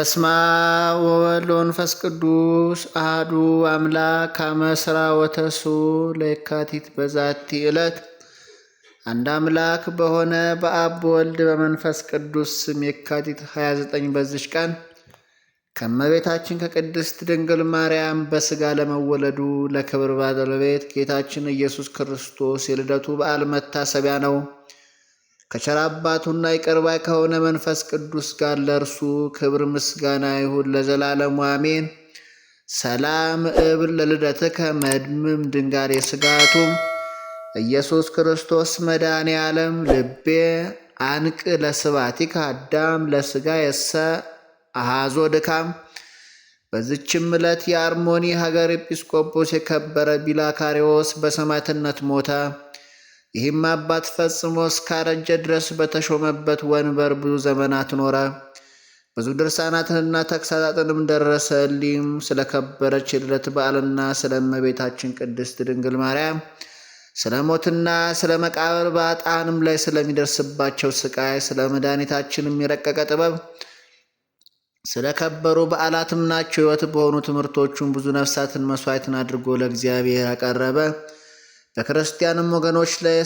በስማ ወወልድ ወመንፈስ ቅዱስ አህዱ አምላክ አመስራ ወተሱ ለየካቲት በዛቲ ዕለት አንድ አምላክ በሆነ በአብ በወልድ በመንፈስ ቅዱስ ስም የካቲት 29 በዚች ቀን ከመቤታችን ከቅድስት ድንግል ማርያም በሥጋ ለመወለዱ ለክብር ባለቤት ጌታችን ኢየሱስ ክርስቶስ የልደቱ በዓል መታሰቢያ ነው። ከቸር አባቱና ይቅር ባይ ከሆነ መንፈስ ቅዱስ ጋር ለእርሱ ክብር ምስጋና ይሁን ለዘላለሙ አሜን። ሰላም እብል ለልደትከ መድምም ድንጋሬ ስጋቱም ኢየሱስ ክርስቶስ መድኃኔ ዓለም ልቤ አንቅ ለስባቲከ አዳም ለስጋ የሰ አሃዞ ድካም። በዚችም ዕለት የአርሞኒ ሀገር ኤጲስቆጶስ የከበረ ቢላካሪዎስ በሰማዕትነት ሞተ። ይህም አባት ፈጽሞ እስካረጀ ድረስ በተሾመበት ወንበር ብዙ ዘመናት ኖረ። ብዙ ድርሳናትንና ተግሳጣትንም ደረሰ። እሊም ስለ ከበረች በዓልና ስለ እመቤታችን ቅድስት ድንግል ማርያም ስለ ሞትና ስለ መቃብር በዕጣንም ላይ ስለሚደርስባቸው ስቃይ ስለ መድኃኒታችንም የረቀቀ ጥበብ ስለ ከበሩ በዓላትም ናቸው ሕይወት በሆኑ ትምህርቶቹም ብዙ ነፍሳትን መስዋዕትን አድርጎ ለእግዚአብሔር አቀረበ። በክርስቲያንም ወገኖች ላይ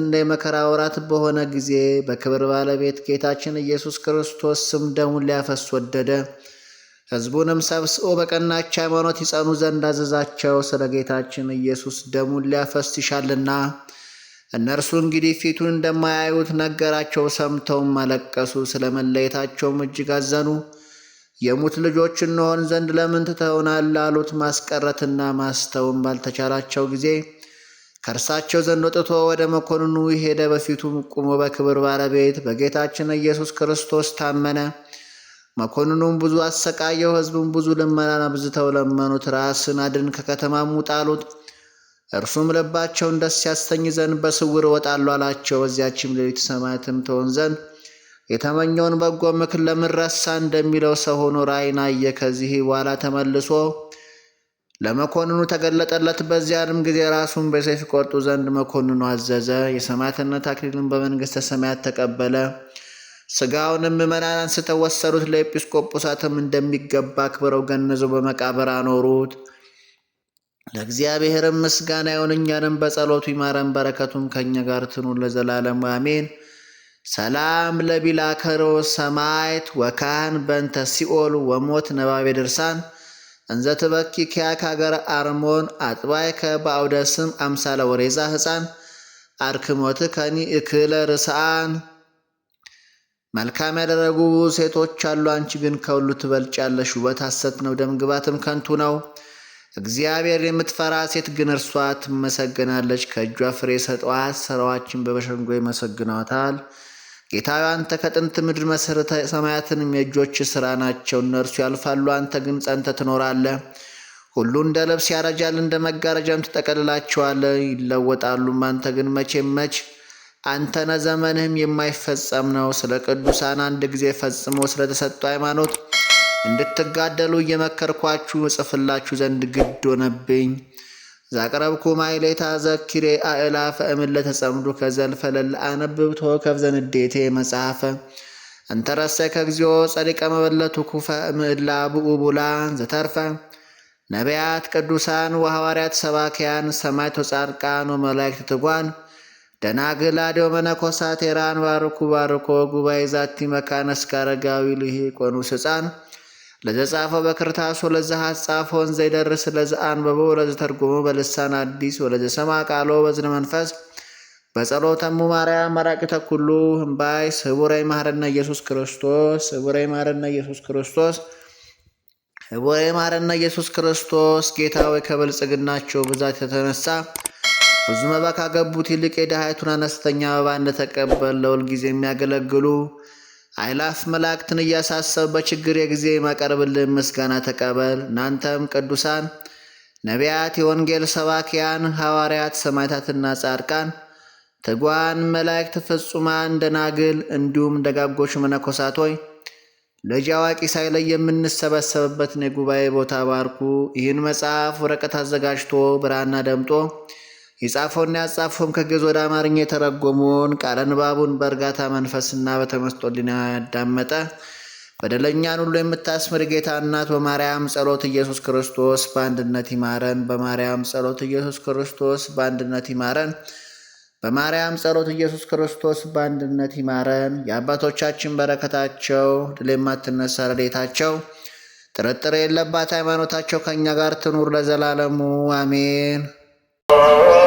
እንደ የመከራ ወራት በሆነ ጊዜ በክብር ባለቤት ጌታችን ኢየሱስ ክርስቶስ ስም ደሙን ሊያፈስ ወደደ። ሕዝቡንም ሰብስቦ በቀናች ሃይማኖት ይጸኑ ዘንድ አዘዛቸው። ስለ ጌታችን ኢየሱስ ደሙን ሊያፈስ ይሻልና እነርሱ እንግዲህ ፊቱን እንደማያዩት ነገራቸው። ሰምተውም አለቀሱ፣ ስለ መለየታቸውም እጅግ አዘኑ። የሙት ልጆች እንሆን ዘንድ ለምን ትተውናል? ላሉት ማስቀረትና ማስተውም ባልተቻላቸው ጊዜ ከእርሳቸው ዘንድ ወጥቶ ወደ መኮንኑ ሄደ። በፊቱም ቆሞ በክብር ባለቤት በጌታችን ኢየሱስ ክርስቶስ ታመነ። መኮንኑም ብዙ አሰቃየው። ሕዝቡም ብዙ ልመናን አብዝተው ለመኑት። ራስን አድን፣ ከከተማም ውጣሉት እርሱም ልባቸውን ደስ ያሰኝ ዘንድ በስውር እወጣለሁ አላቸው። በዚያችም ሌሊት ሰማዕትም ትሆን ዘንድ የተመኘውን በጎ ምክር ለምረሳ እንደሚለው ሰው ሆኖ ራእይን አየ። ከዚህ በኋላ ተመልሶ ለመኮንኑ ተገለጠለት። በዚያንም ጊዜ ራሱን በሰይፍ ቆርጡ ዘንድ መኮንኑ አዘዘ። የሰማዕትነት አክሊልን በመንግሥተ ሰማያት ተቀበለ። ስጋውንም ምዕመናን አንስተው ወሰዱት። ለኤጲስቆጶሳትም እንደሚገባ አክብረው ገንዘው በመቃብር አኖሩት። ለእግዚአብሔርም ምስጋና ይሁን፣ እኛንም በጸሎቱ ይማረን፣ በረከቱም ከእኛ ጋር ትኑር ለዘላለሙ አሜን። ሰላም ለቢላከሮ ሰማይት ወካህን በእንተ ሲኦል ወሞት ነባቤ ድርሳን እንዘ ትበኪ ኪያከ ሀገረ አርሞን አጥባይ በአውደ ስም አምሳለ ወሬዛ ህፃን አርክሞት ከኒ እክለ ርስአን። መልካም ያደረጉ ሴቶች አሉ፣ አንቺ ግን ከሁሉ ትበልጫለሽ። ውበት ሐሰት ነው፣ ደምግባትም ከንቱ ነው። እግዚአብሔር የምትፈራ ሴት ግን እርሷ ትመሰገናለች ከእጇ ፍሬ ሰጠዋት፣ ስራዋችን በመሸንጎ ይመሰግናታል። ጌታዊ አንተ ከጥንት ምድር መሠረተ ሰማያትንም የእጆች ሥራ ናቸው፣ እነርሱ ያልፋሉ፣ አንተ ግን ጸንተ ትኖራለ ሁሉ እንደ ልብስ ያረጃል፣ እንደ መጋረጃም ትጠቀልላቸዋለ፣ ይለወጣሉም፣ አንተ ግን መቼም መች አንተነ ዘመንህም የማይፈጸም ነው። ስለ ቅዱሳን አንድ ጊዜ ፈጽሞ ስለተሰጠ ሃይማኖት እንድትጋደሉ እየመከርኳችሁ እጽፍላችሁ ዘንድ ግድ ሆነብኝ። ዛቅረብኩ ማይሌታ ዘኪሬ አእላፈ እምለተ ጸምዱ ከዘልፈለል አነብብቶ ከብዘንዴቴ መጽሐፈ እንተረሰ እግዚኦ ጸሪቀ መበለቱ ኩፈ ምዕላ ብኡቡላን ዘተርፈ ነቢያት ቅዱሳን ወሐዋርያት ሰባኪያን ሰማዕት ወጻድቃን ወመላእክት ትጓን ደናግል አድዮ መነኮሳት ቴራን ባርኩ ባርኮ ጉባኤ ዛቲ መካነ እስከ አረጋዊ ልሂ ቆኑስ ሕፃን ለተጻፈ በክርታስ ወለዘ ሐጻፈ ዘይደርስ ይደርስ ለዘ አንበቦ በልሳን አዲስ ወለዘ ሰማ ቃሎ በዝነ መንፈስ በጸሎተሙ ማርያም መራቂተ ኩሉ እምባይ ስቡረይ ማረነ ኢየሱስ ክርስቶስ ስቡረይ ማረነ ኢየሱስ ክርስቶስ ስቡረይ ማረና ኢየሱስ ክርስቶስ። ጌታ ሆይ ከብልጽግናቸው ብዛት የተነሳ ብዙ መባ ካገቡት ይልቅ የድሃይቱን አነስተኛ መባ እንደተቀበል ለሁልጊዜ የሚያገለግሉ አይላፍ መላእክትን እያሳሰብ በችግር የጊዜ የማቀርብልን ምስጋና ተቀበል። እናንተም ቅዱሳን ነቢያት፣ የወንጌል ሰባኪያን ሐዋርያት፣ ሰማዕታትና ጻድቃን፣ ትጓን መላእክት፣ ፍጹማን ደናግል፣ እንዲሁም ደጋጎች መነኮሳት ሆይ ልጅ አዋቂ ሳይለይ የምንሰበሰብበትን የጉባኤ ቦታ ባርኩ። ይህን መጽሐፍ ወረቀት አዘጋጅቶ ብራና ደምጦ የጻፈውና ያጻፈውም ከግዕዝ ወደ አማርኛ የተረጎመውን ቃለ ንባቡን በእርጋታ መንፈስና በተመስጦ ያዳመጠ በደለኛን ሁሉ የምታስምር ጌታ እናት በማርያም ጸሎት ኢየሱስ ክርስቶስ በአንድነት ይማረን። በማርያም ጸሎት ኢየሱስ ክርስቶስ በአንድነት ይማረን። በማርያም ጸሎት ኢየሱስ ክርስቶስ በአንድነት ይማረን። የአባቶቻችን በረከታቸው ድል የማትነሳ ረድኤታቸው ጥርጥር የለባት ሃይማኖታቸው ከእኛ ጋር ትኑር ለዘላለሙ አሜን።